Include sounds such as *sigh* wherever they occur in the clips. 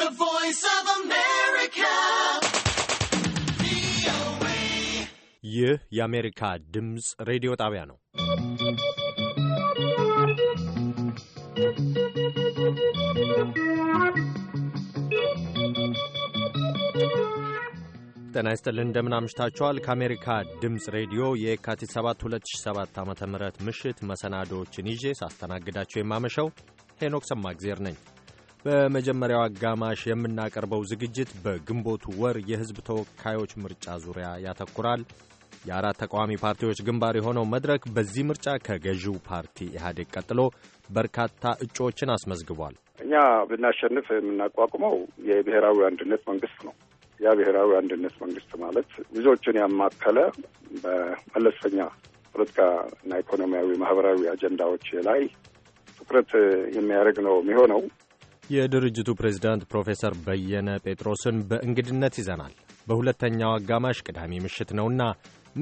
The Voice of America. ይህ የአሜሪካ ድምፅ ሬዲዮ ጣቢያ ነው። ጤና ይስጥልን እንደምን አምሽታችኋል። ከአሜሪካ ድምፅ ሬዲዮ የካቲት 7 2007 ዓ ም ምሽት መሰናዶዎችን ይዤ ሳስተናግዳቸው የማመሸው ሄኖክ ሰማግዜር ነኝ። በመጀመሪያው አጋማሽ የምናቀርበው ዝግጅት በግንቦቱ ወር የሕዝብ ተወካዮች ምርጫ ዙሪያ ያተኩራል። የአራት ተቃዋሚ ፓርቲዎች ግንባር የሆነው መድረክ በዚህ ምርጫ ከገዢው ፓርቲ ኢህአዴግ ቀጥሎ በርካታ እጩዎችን አስመዝግቧል። እኛ ብናሸንፍ የምናቋቁመው የብሔራዊ አንድነት መንግስት ነው። ያ ብሔራዊ አንድነት መንግስት ማለት ብዙዎችን ያማከለ በመለስተኛ ፖለቲካ እና ኢኮኖሚያዊ፣ ማህበራዊ አጀንዳዎች ላይ ትኩረት የሚያደርግ ነው የሚሆነው። የድርጅቱ ፕሬዝዳንት ፕሮፌሰር በየነ ጴጥሮስን በእንግድነት ይዘናል። በሁለተኛው አጋማሽ ቅዳሜ ምሽት ነውና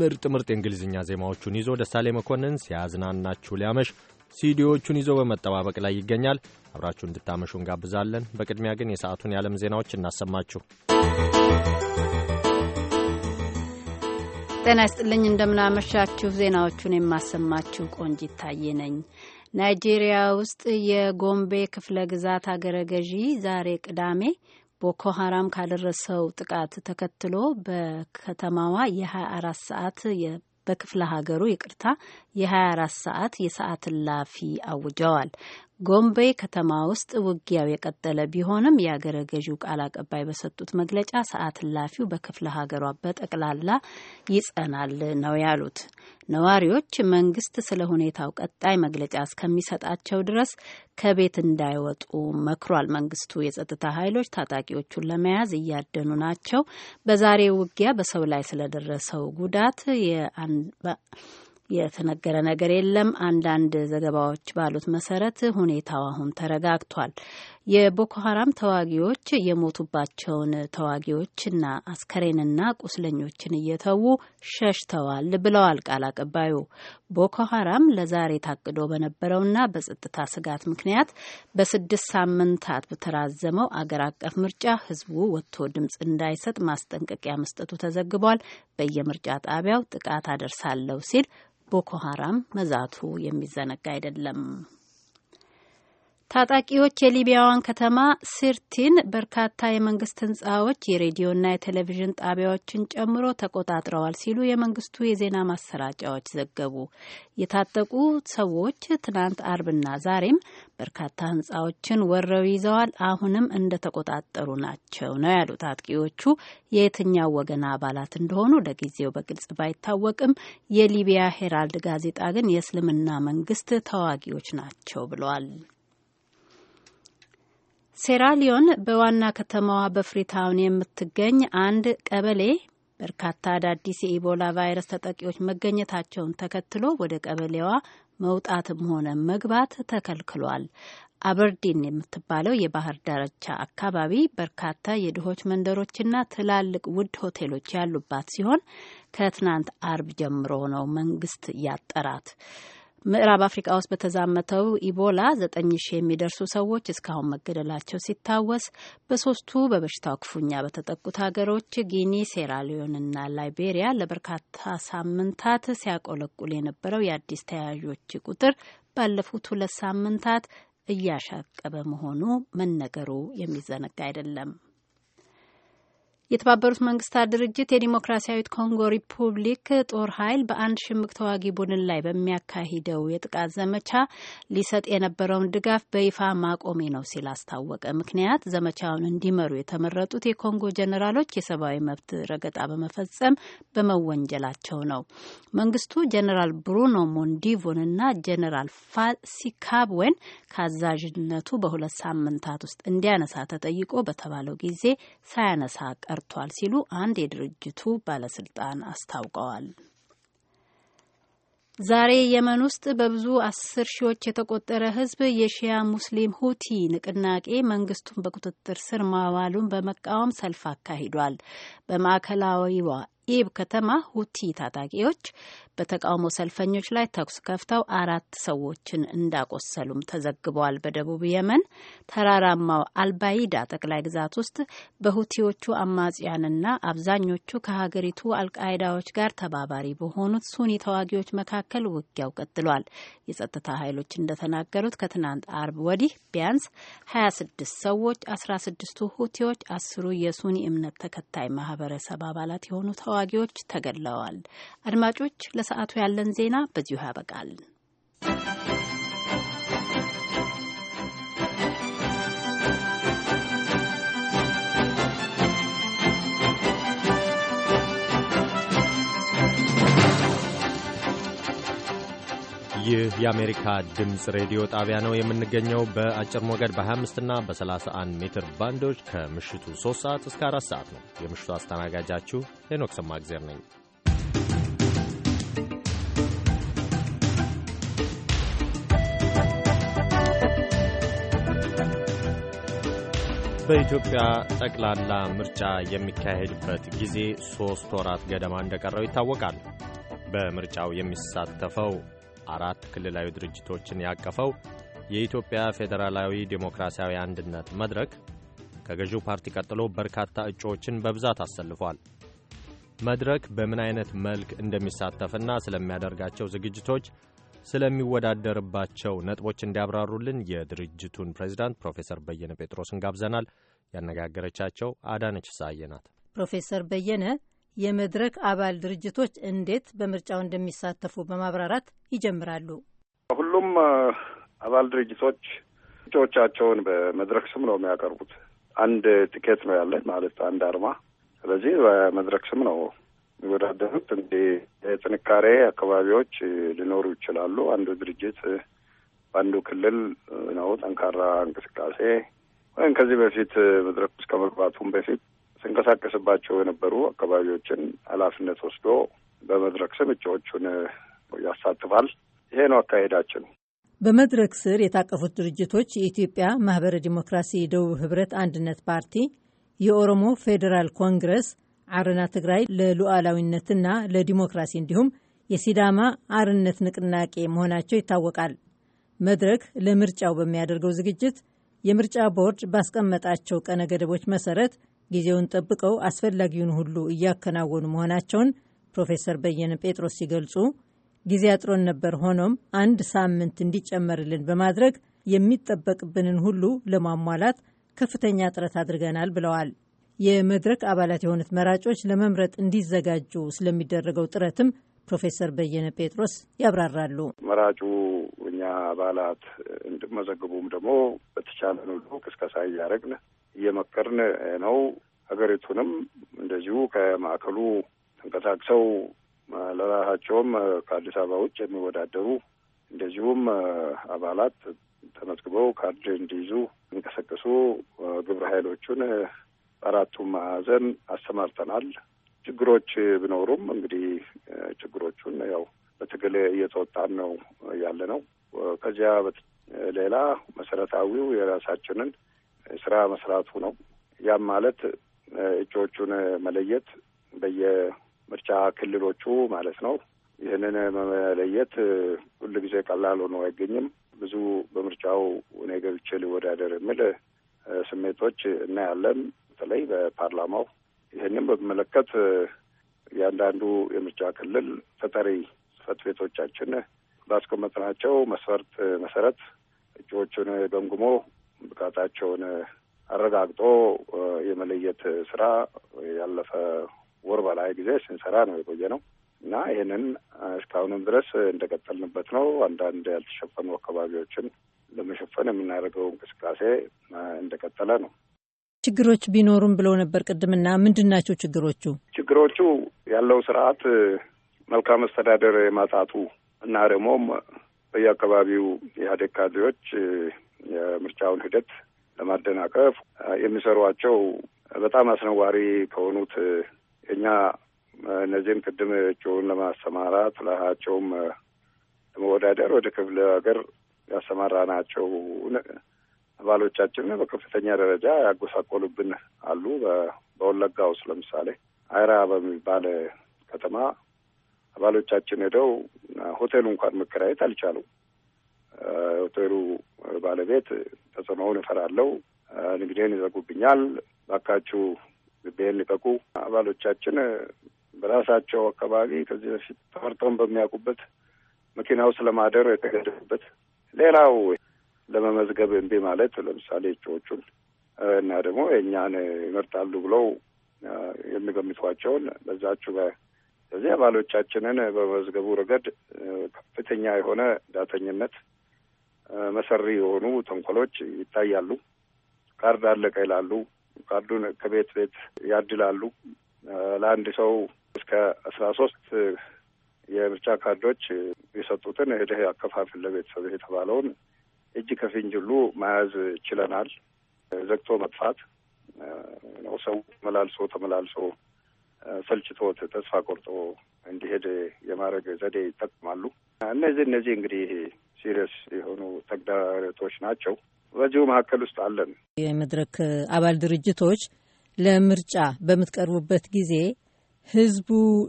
ምርጥ ምርጥ የእንግሊዝኛ ዜማዎቹን ይዞ ደሳሌ መኮንን ሲያዝናናችሁ ሊያመሽ ሲዲዎቹን ይዞ በመጠባበቅ ላይ ይገኛል። አብራችሁ እንድታመሹ እንጋብዛለን። በቅድሚያ ግን የሰዓቱን የዓለም ዜናዎች እናሰማችሁ። ጤና ይስጥልኝ እንደምናመሻችሁ። ዜናዎቹን የማሰማችሁ ቆንጂት ታዬ ነኝ። ናይጄሪያ ውስጥ የጎምቤ ክፍለ ግዛት አገረ ገዢ ዛሬ ቅዳሜ ቦኮ ሀራም ካደረሰው ጥቃት ተከትሎ በከተማዋ የ24 ሰዓት በክፍለ ሀገሩ ይቅርታ የ24 ሰዓት የሰዓት እላፊ አውጀዋል። ጎምቤ ከተማ ውስጥ ውጊያው የቀጠለ ቢሆንም የአገረ ገዢው ቃል አቀባይ በሰጡት መግለጫ ሰዓት እላፊው በክፍለ ሀገሯ በጠቅላላ ይጸናል ነው ያሉት። ነዋሪዎች መንግስት ስለ ሁኔታው ቀጣይ መግለጫ እስከሚሰጣቸው ድረስ ከቤት እንዳይወጡ መክሯል። መንግስቱ የጸጥታ ኃይሎች ታጣቂዎቹን ለመያዝ እያደኑ ናቸው። በዛሬው ውጊያ በሰው ላይ ስለደረሰው ጉዳት የተነገረ ነገር የለም። አንዳንድ ዘገባዎች ባሉት መሰረት ሁኔታው አሁን ተረጋግቷል። የቦኮ ሀራም ተዋጊዎች የሞቱባቸውን ተዋጊዎችና አስከሬንና ቁስለኞችን እየተዉ ሸሽተዋል ብለዋል ቃል አቀባዩ። ቦኮ ሀራም ለዛሬ ታቅዶ በነበረውና በጸጥታ ስጋት ምክንያት በስድስት ሳምንታት በተራዘመው አገር አቀፍ ምርጫ ህዝቡ ወጥቶ ድምፅ እንዳይሰጥ ማስጠንቀቂያ መስጠቱ ተዘግቧል። በየምርጫ ጣቢያው ጥቃት አደርሳለሁ ሲል ቦኮ ሀራም መዛቱ የሚዘነጋ አይደለም። ታጣቂዎች የሊቢያዋን ከተማ ሲርቲን በርካታ የመንግስት ህንጻዎች፣ የሬዲዮና የቴሌቪዥን ጣቢያዎችን ጨምሮ ተቆጣጥረዋል ሲሉ የመንግስቱ የዜና ማሰራጫዎች ዘገቡ። የታጠቁ ሰዎች ትናንት አርብና ዛሬም በርካታ ህንጻዎችን ወረው ይዘዋል፣ አሁንም እንደተቆጣጠሩ ናቸው ነው ያሉት። አጥቂዎቹ የየትኛው ወገን አባላት እንደሆኑ ለጊዜው በግልጽ ባይታወቅም የሊቢያ ሄራልድ ጋዜጣ ግን የእስልምና መንግስት ተዋጊዎች ናቸው ብሏል። ሴራሊዮን በዋና ከተማዋ በፍሪታውን የምትገኝ አንድ ቀበሌ በርካታ አዳዲስ የኢቦላ ቫይረስ ተጠቂዎች መገኘታቸውን ተከትሎ ወደ ቀበሌዋ መውጣትም ሆነ መግባት ተከልክሏል። አበርዲን የምትባለው የባህር ዳርቻ አካባቢ በርካታ የድሆች መንደሮችና ትላልቅ ውድ ሆቴሎች ያሉባት ሲሆን ከትናንት አርብ ጀምሮ ነው መንግስት ያጠራት። ምዕራብ አፍሪካ ውስጥ በተዛመተው ኢቦላ ዘጠኝ ሺህ የሚደርሱ ሰዎች እስካሁን መገደላቸው ሲታወስ በሶስቱ በበሽታው ክፉኛ በተጠቁት ሀገሮች ጊኒ፣ ሴራሊዮንና ላይቤሪያ ለበርካታ ሳምንታት ሲያቆለቁል የነበረው የአዲስ ተያዦች ቁጥር ባለፉት ሁለት ሳምንታት እያሻቀበ መሆኑ መነገሩ የሚዘነጋ አይደለም። የተባበሩት መንግስታት ድርጅት የዲሞክራሲያዊት ኮንጎ ሪፑብሊክ ጦር ኃይል በአንድ ሽምቅ ተዋጊ ቡድን ላይ በሚያካሂደው የጥቃት ዘመቻ ሊሰጥ የነበረውን ድጋፍ በይፋ ማቆሜ ነው ሲል አስታወቀ። ምክንያት ዘመቻውን እንዲመሩ የተመረጡት የኮንጎ ጀኔራሎች የሰብአዊ መብት ረገጣ በመፈጸም በመወንጀላቸው ነው። መንግስቱ ጀኔራል ብሩኖ ሞንዲቮን እና ጀኔራል ፋሲካብወን ከአዛዥነቱ በሁለት ሳምንታት ውስጥ እንዲያነሳ ተጠይቆ በተባለው ጊዜ ሳያነሳ ቀ ቀርቷል ሲሉ አንድ የድርጅቱ ባለስልጣን አስታውቀዋል። ዛሬ የመን ውስጥ በብዙ አስር ሺዎች የተቆጠረ ሕዝብ የሺያ ሙስሊም ሁቲ ንቅናቄ መንግስቱን በቁጥጥር ስር ማዋሉን በመቃወም ሰልፍ አካሂዷል። በማዕከላዊዋ ኢብ ከተማ ሁቲ ታጣቂዎች በተቃውሞ ሰልፈኞች ላይ ተኩስ ከፍተው አራት ሰዎችን እንዳቆሰሉም ተዘግበዋል። በደቡብ የመን ተራራማው አልባይዳ ጠቅላይ ግዛት ውስጥ በሁቲዎቹ አማጽያንና አብዛኞቹ ከሀገሪቱ አልቃይዳዎች ጋር ተባባሪ በሆኑት ሱኒ ተዋጊዎች መካከል ውጊያው ቀጥሏል። የጸጥታ ኃይሎች እንደተናገሩት ከትናንት አርብ ወዲህ ቢያንስ 26 ሰዎች፣ 16ቱ ሁቲዎች፣ አስሩ የሱኒ እምነት ተከታይ ማህበረሰብ አባላት የሆኑ ተዋጊዎች ተገድለዋል። አድማጮች ለሰዓቱ ያለን ዜና በዚሁ ያበቃል። ይህ የአሜሪካ ድምፅ ሬዲዮ ጣቢያ ነው። የምንገኘው በአጭር ሞገድ በ25 እና በ31 ሜትር ባንዶች ከምሽቱ 3 ሰዓት እስከ 4 ሰዓት ነው። የምሽቱ አስተናጋጃችሁ ሄኖክ ሰማእግዜር ነኝ። በኢትዮጵያ ጠቅላላ ምርጫ የሚካሄድበት ጊዜ ሦስት ወራት ገደማ እንደቀረው ይታወቃል። በምርጫው የሚሳተፈው አራት ክልላዊ ድርጅቶችን ያቀፈው የኢትዮጵያ ፌዴራላዊ ዴሞክራሲያዊ አንድነት መድረክ ከገዢው ፓርቲ ቀጥሎ በርካታ እጩዎችን በብዛት አሰልፏል። መድረክ በምን አይነት መልክ እንደሚሳተፍና ስለሚያደርጋቸው ዝግጅቶች ስለሚወዳደርባቸው ነጥቦች እንዲያብራሩልን የድርጅቱን ፕሬዚዳንት ፕሮፌሰር በየነ ጴጥሮስን ጋብዘናል። ያነጋገረቻቸው አዳነች ሳዬ ናት። ፕሮፌሰር በየነ የመድረክ አባል ድርጅቶች እንዴት በምርጫው እንደሚሳተፉ በማብራራት ይጀምራሉ። ሁሉም አባል ድርጅቶች እጩዎቻቸውን በመድረክ ስም ነው የሚያቀርቡት። አንድ ቲኬት ነው ያለን ማለት አንድ አርማ። ስለዚህ በመድረክ ስም ነው የሚወዳደሩት እንደ የጥንካሬ አካባቢዎች ሊኖሩ ይችላሉ። አንዱ ድርጅት በአንዱ ክልል ነው ጠንካራ እንቅስቃሴ ወይም ከዚህ በፊት መድረክ ውስጥ ከመግባቱም በፊት ሲንቀሳቀስባቸው የነበሩ አካባቢዎችን ኃላፊነት ወስዶ በመድረክ ስም እጩዎቹን ያሳትፋል። ይሄ ነው አካሄዳችን። በመድረክ ስር የታቀፉት ድርጅቶች የኢትዮጵያ ማህበረ ዲሞክራሲ ደቡብ ህብረት አንድነት ፓርቲ፣ የኦሮሞ ፌዴራል ኮንግረስ አረና ትግራይ ለሉዓላዊነትና ለዲሞክራሲ እንዲሁም የሲዳማ አርነት ንቅናቄ መሆናቸው ይታወቃል። መድረክ ለምርጫው በሚያደርገው ዝግጅት የምርጫ ቦርድ ባስቀመጣቸው ቀነ ገደቦች መሰረት ጊዜውን ጠብቀው አስፈላጊውን ሁሉ እያከናወኑ መሆናቸውን ፕሮፌሰር በየነ ጴጥሮስ ሲገልጹ ጊዜ አጥሮን ነበር፣ ሆኖም አንድ ሳምንት እንዲጨመርልን በማድረግ የሚጠበቅብንን ሁሉ ለማሟላት ከፍተኛ ጥረት አድርገናል ብለዋል። የመድረክ አባላት የሆኑት መራጮች ለመምረጥ እንዲዘጋጁ ስለሚደረገው ጥረትም ፕሮፌሰር በየነ ጴጥሮስ ያብራራሉ። መራጩ እኛ አባላት እንድመዘግቡም ደግሞ በተቻለን ሁሉ ቅስቀሳ እያደረግን እየመከርን ነው። ሀገሪቱንም እንደዚሁ ከማዕከሉ ተንቀሳቅሰው ለራሳቸውም ከአዲስ አበባ ውጭ የሚወዳደሩ እንደዚሁም አባላት ተመዝግበው ካርድ እንዲይዙ እንቀሰቅሱ ግብረ ኃይሎቹን በአራቱ ማዕዘን አሰማርተናል። ችግሮች ቢኖሩም እንግዲህ ችግሮቹን ያው በትግል እየተወጣን ነው ያለ ነው። ከዚያ ሌላ መሰረታዊው የራሳችንን ስራ መስራቱ ነው። ያም ማለት እጩዎቹን መለየት በየምርጫ ክልሎቹ ማለት ነው። ይህንን መለየት ሁል ጊዜ ቀላል ሆኖ አይገኝም። ብዙ በምርጫው እኔ ገብቼ ልወዳደር የሚል ስሜቶች እናያለን። በተለይ በፓርላማው ይህንም በመለከት እያንዳንዱ የምርጫ ክልል ተጠሪ ጽፈት ቤቶቻችን ባስቀመጥናቸው መስፈርት መሰረት እጩዎቹን ገምግሞ ብቃታቸውን አረጋግጦ የመለየት ስራ ያለፈ ወር በላይ ጊዜ ስንሰራ ነው የቆየ ነው እና ይህንን እስካሁንም ድረስ እንደቀጠልንበት ነው። አንዳንድ ያልተሸፈኑ አካባቢዎችን ለመሸፈን የምናደርገው እንቅስቃሴ እንደቀጠለ ነው። ችግሮች ቢኖሩም ብለው ነበር ቅድምና፣ ምንድን ናቸው ችግሮቹ? ችግሮቹ ያለው ስርዓት መልካም አስተዳደር የማጣቱ እና ደግሞም በየአካባቢው የኢህአዴግ ካድሬዎች የምርጫውን ሂደት ለማደናቀፍ የሚሰሯቸው በጣም አስነዋሪ ከሆኑት እኛ እነዚህም ቅድም እጩውን ለማሰማራት ለሀቸውም ለመወዳደር ወደ ክፍለ ሀገር ናቸው አባሎቻችን በከፍተኛ ደረጃ ያጎሳቆሉብን አሉ። በወለጋ ውስጥ ለምሳሌ አይራ በሚባል ከተማ አባሎቻችን ሄደው ሆቴሉ እንኳን መከራየት አልቻሉም። ሆቴሉ ባለቤት ተጽዕኖውን እፈራለሁ፣ ንግዴን ይዘጉብኛል፣ ባካችሁ ግቤን ልቀቁ። አባሎቻችን በራሳቸው አካባቢ ከዚህ በፊት ተመርተውን በሚያውቁበት መኪና ውስጥ ለማደር የተገደዱበት ሌላው ለመመዝገብ እምቢ ማለት ለምሳሌ እጩዎቹን እና ደግሞ የእኛን ይመርጣሉ ብለው የሚገምቷቸውን በዛችሁ በዚህ አባሎቻችንን በመመዝገቡ ረገድ ከፍተኛ የሆነ ዳተኝነት፣ መሰሪ የሆኑ ተንኮሎች ይታያሉ። ካርድ አለቀ ይላሉ። ካርዱን ከቤት ቤት ያድላሉ። ለአንድ ሰው እስከ አስራ ሶስት የምርጫ ካርዶች የሰጡትን ሄደህ አከፋፍል ለቤተሰብ የተባለውን እጅ ከፍንጅ ሁሉ መያዝ ችለናል። ዘግቶ መጥፋት ነው። ሰው ተመላልሶ ተመላልሶ ሰልችቶት ተስፋ ቆርጦ እንዲሄድ የማድረግ ዘዴ ይጠቅማሉ። እነዚህ እነዚህ እንግዲህ ሲሪየስ የሆኑ ተግዳሮቶች ናቸው። በዚሁ መካከል ውስጥ አለን። የመድረክ አባል ድርጅቶች ለምርጫ በምትቀርቡበት ጊዜ ህዝቡ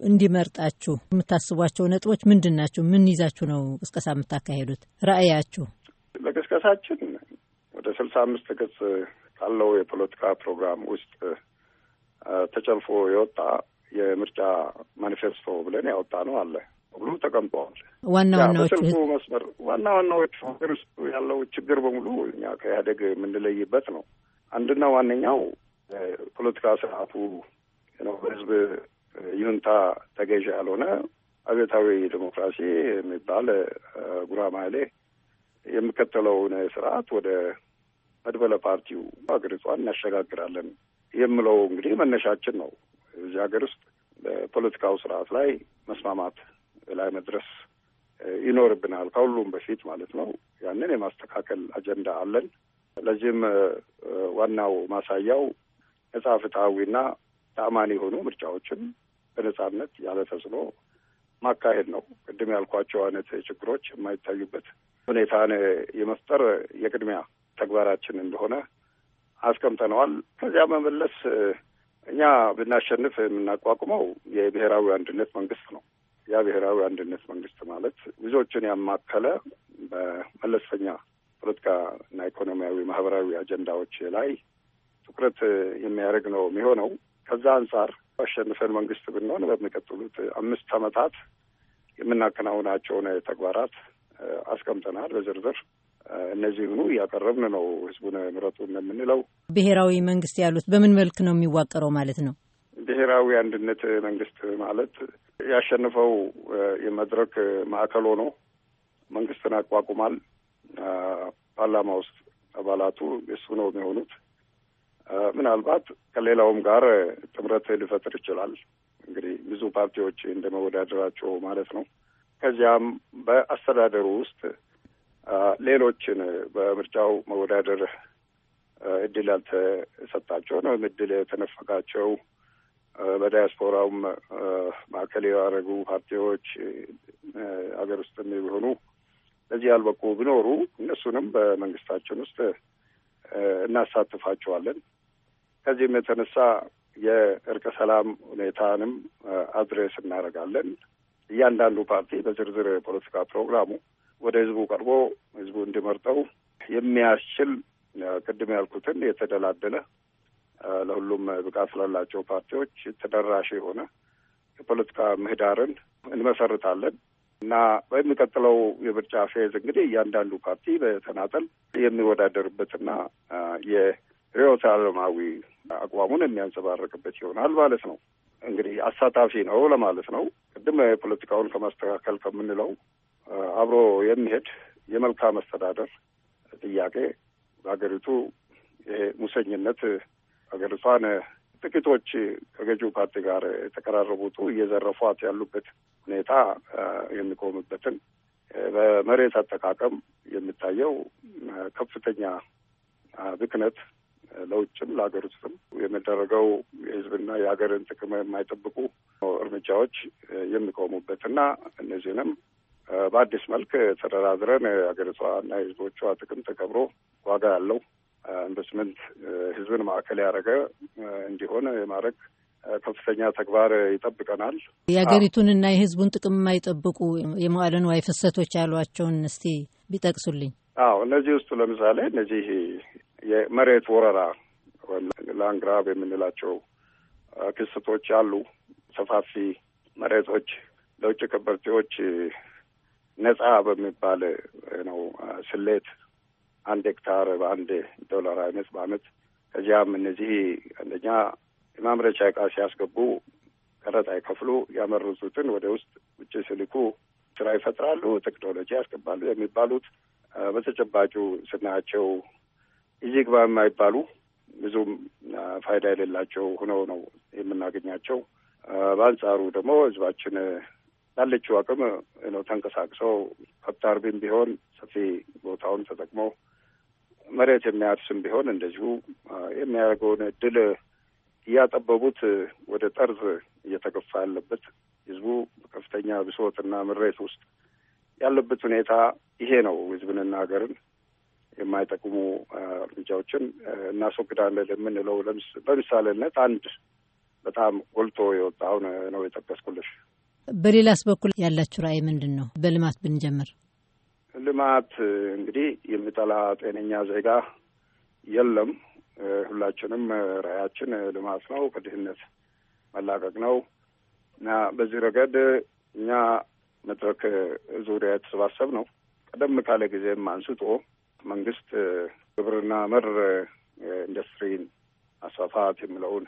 እንዲመርጣችሁ የምታስቧቸው ነጥቦች ምንድን ናቸው? ምን ይዛችሁ ነው ቅስቀሳ የምታካሄዱት? ራዕያችሁ ቅስቀሳችን ወደ ስልሳ አምስት ገጽ ካለው የፖለቲካ ፕሮግራም ውስጥ ተጨልፎ የወጣ የምርጫ ማኒፌስቶ ብለን ያወጣ ነው አለ ሁሉ ተቀምጠዋል። ዋና ዋናዎቹ መስመር ዋና ዋናዎቹ ሀገር ውስጥ ያለው ችግር በሙሉ እኛ ከኢህአዴግ የምንለይበት ነው። አንድና ዋነኛው ፖለቲካ ስርዓቱ ነው በህዝብ ይሁንታ ተገዥ ያልሆነ አብዮታዊ ዲሞክራሲ የሚባል ጉራማይሌ የሚከተለውን ስርዓት ወደ መድበለ ፓርቲው ሀገሪቷን እናሸጋግራለን የምለው እንግዲህ መነሻችን ነው። እዚህ ሀገር ውስጥ በፖለቲካው ስርዓት ላይ መስማማት ላይ መድረስ ይኖርብናል፣ ከሁሉም በፊት ማለት ነው። ያንን የማስተካከል አጀንዳ አለን። ለዚህም ዋናው ማሳያው ነጻ ፍትሐዊና ተአማኒ የሆኑ ምርጫዎችን በነጻነት ያለ ተጽዕኖ ማካሄድ ነው። ቅድም ያልኳቸው አይነት ችግሮች የማይታዩበት ሁኔታን የመፍጠር የቅድሚያ ተግባራችን እንደሆነ አስቀምጠነዋል። ከዚያ መመለስ እኛ ብናሸንፍ የምናቋቁመው የብሔራዊ አንድነት መንግስት ነው። ያ ብሔራዊ አንድነት መንግስት ማለት ብዙዎችን ያማከለ በመለስተኛ ፖለቲካ እና ኢኮኖሚያዊ፣ ማህበራዊ አጀንዳዎች ላይ ትኩረት የሚያደርግ ነው የሚሆነው። ከዛ አንጻር አሸንፈን መንግስት ብንሆን በሚቀጥሉት አምስት ዓመታት የምናከናውናቸውን ተግባራት አስቀምጠናል በዝርዝር እነዚህ ሁኑ እያቀረብን ነው ህዝቡን ምረጡ እንደምንለው። ብሔራዊ መንግስት ያሉት በምን መልክ ነው የሚዋቀረው ማለት ነው? ብሔራዊ አንድነት መንግስት ማለት ያሸንፈው የመድረክ ማዕከል ሆኖ መንግስትን አቋቁማል። ፓርላማ ውስጥ አባላቱ የሱ ነው የሚሆኑት። ምናልባት ከሌላውም ጋር ጥምረት ሊፈጥር ይችላል። እንግዲህ ብዙ ፓርቲዎች እንደመወዳደራቸው ማለት ነው። ከዚያም በአስተዳደሩ ውስጥ ሌሎችን በምርጫው መወዳደር እድል ያልተሰጣቸው ነው እድል የተነፈቃቸው በዳያስፖራውም ማዕከል ያደረጉ ፓርቲዎች ሀገር ውስጥ የሚሆኑ ለዚህ ያልበቁ ቢኖሩ እነሱንም በመንግስታችን ውስጥ እናሳትፋቸዋለን። ከዚህም የተነሳ የእርቀ ሰላም ሁኔታንም አድሬስ እናደርጋለን። እያንዳንዱ ፓርቲ በዝርዝር የፖለቲካ ፕሮግራሙ ወደ ህዝቡ ቀርቦ ህዝቡ እንዲመርጠው የሚያስችል ቅድም ያልኩትን የተደላደለ ለሁሉም ብቃት ስላላቸው ፓርቲዎች ተደራሽ የሆነ የፖለቲካ ምህዳርን እንመሰርታለን እና በሚቀጥለው የምርጫ ፌዝ እንግዲህ እያንዳንዱ ፓርቲ በተናጠል የሚወዳደርበትና የርዕዮተ ዓለማዊ አቋሙን የሚያንጸባርቅበት ይሆናል ማለት ነው። እንግዲህ አሳታፊ ነው ለማለት ነው። ቅድም የፖለቲካውን ከማስተካከል ከምንለው አብሮ የሚሄድ የመልካም መስተዳደር ጥያቄ በሀገሪቱ ይሄ ሙሰኝነት ሀገሪቷን ጥቂቶች ከገዢው ፓርቲ ጋር የተቀራረቡቱ እየዘረፏት ያሉበት ሁኔታ የሚቆምበትን በመሬት አጠቃቀም የሚታየው ከፍተኛ ብክነት ለውጭም ለሀገር ውስጥም የሚደረገው የህዝብና የሀገርን ጥቅም የማይጠብቁ እርምጃዎች የሚቆሙበት እነዚህንም በአዲስ መልክ ተደራድረን የሀገሪቷና የህዝቦቿ ጥቅም ተከብሮ ዋጋ ያለው ኢንቨስትመንት ህዝብን ማዕከል ያደረገ እንዲሆን የማድረግ ከፍተኛ ተግባር ይጠብቀናል። የሀገሪቱንና የህዝቡን ጥቅም የማይጠብቁ የመዋለ ንዋይ ፍሰቶች ያሏቸውን እስቲ ቢጠቅሱልኝ። አዎ እነዚህ ውስጡ ለምሳሌ እነዚህ የመሬት ወረራ ወይም ላንግራብ የምንላቸው ክስቶች አሉ። ሰፋፊ መሬቶች ለውጭ ከበርቴዎች ነጻ በሚባል ነው ስሌት አንድ ሄክታር በአንድ ዶላር አይነት በአመት ከዚያም እነዚህ አንደኛ የማምረቻ እቃ ሲያስገቡ ቀረጥ አይከፍሉ፣ ያመረቱትን ወደ ውስጥ ውጭ ስልኩ ስራ ይፈጥራሉ፣ ቴክኖሎጂ ያስገባሉ የሚባሉት በተጨባጩ ስናያቸው እዚህ ግባ የማይባሉ ብዙም ፋይዳ የሌላቸው ሆነው ነው የምናገኛቸው። በአንጻሩ ደግሞ ህዝባችን ያለችው አቅም ነው ተንቀሳቅሰው ከብት አርቢም ቢሆን ሰፊ ቦታውን ተጠቅሞ መሬት የሚያርስም ቢሆን እንደዚሁ የሚያደርገውን እድል እያጠበቡት ወደ ጠርዝ እየተገፋ ያለበት ህዝቡ በከፍተኛ ብሶትና ምሬት ውስጥ ያለበት ሁኔታ ይሄ ነው። ህዝብንና ሀገርን የማይጠቅሙ እርምጃዎችን እናስወግዳለን የምንለው በምሳሌነት አንድ በጣም ጎልቶ የወጣውን ነው የጠቀስኩልሽ። በሌላስ በኩል ያላችሁ ራዕይ ምንድን ነው? በልማት ብንጀምር። ልማት እንግዲህ የሚጠላ ጤነኛ ዜጋ የለም። ሁላችንም ራዕያችን ልማት ነው፣ ከድህነት መላቀቅ ነው እና በዚህ ረገድ እኛ መድረክ ዙሪያ የተሰባሰብ ነው ቀደም ካለ ጊዜም አንስቶ መንግስት ግብርና መር ኢንዱስትሪን አስፋፋት የሚለውን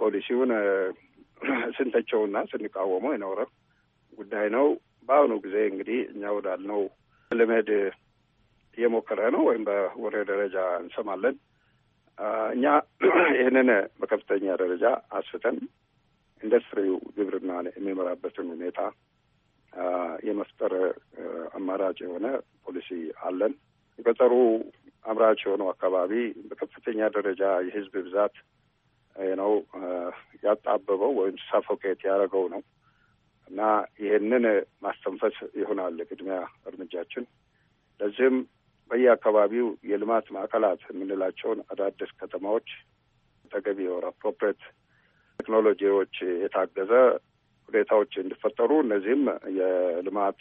ፖሊሲውን ስንተቸውና ስንቃወመው የኖረ ጉዳይ ነው። በአሁኑ ጊዜ እንግዲህ እኛ ወዳልነው ልመድ እየሞከረ ነው ወይም በወሬ ደረጃ እንሰማለን። እኛ ይህንን በከፍተኛ ደረጃ አስፍተን ኢንዱስትሪው ግብርና የሚመራበትን ሁኔታ የመፍጠር አማራጭ የሆነ ፖሊሲ አለን። የገጠሩ አምራች የሆነው አካባቢ በከፍተኛ ደረጃ የህዝብ ብዛት ነው ያጣበበው ወይም ሳፎኬት ያደረገው ነው እና ይህንን ማስተንፈስ ይሆናል ቅድሚያ እርምጃችን። ለዚህም በየአካባቢው የልማት ማዕከላት የምንላቸውን አዳዲስ ከተማዎች ተገቢ የሆነ አፕሮፕሬት ቴክኖሎጂዎች የታገዘ ሁኔታዎች እንዲፈጠሩ እነዚህም የልማት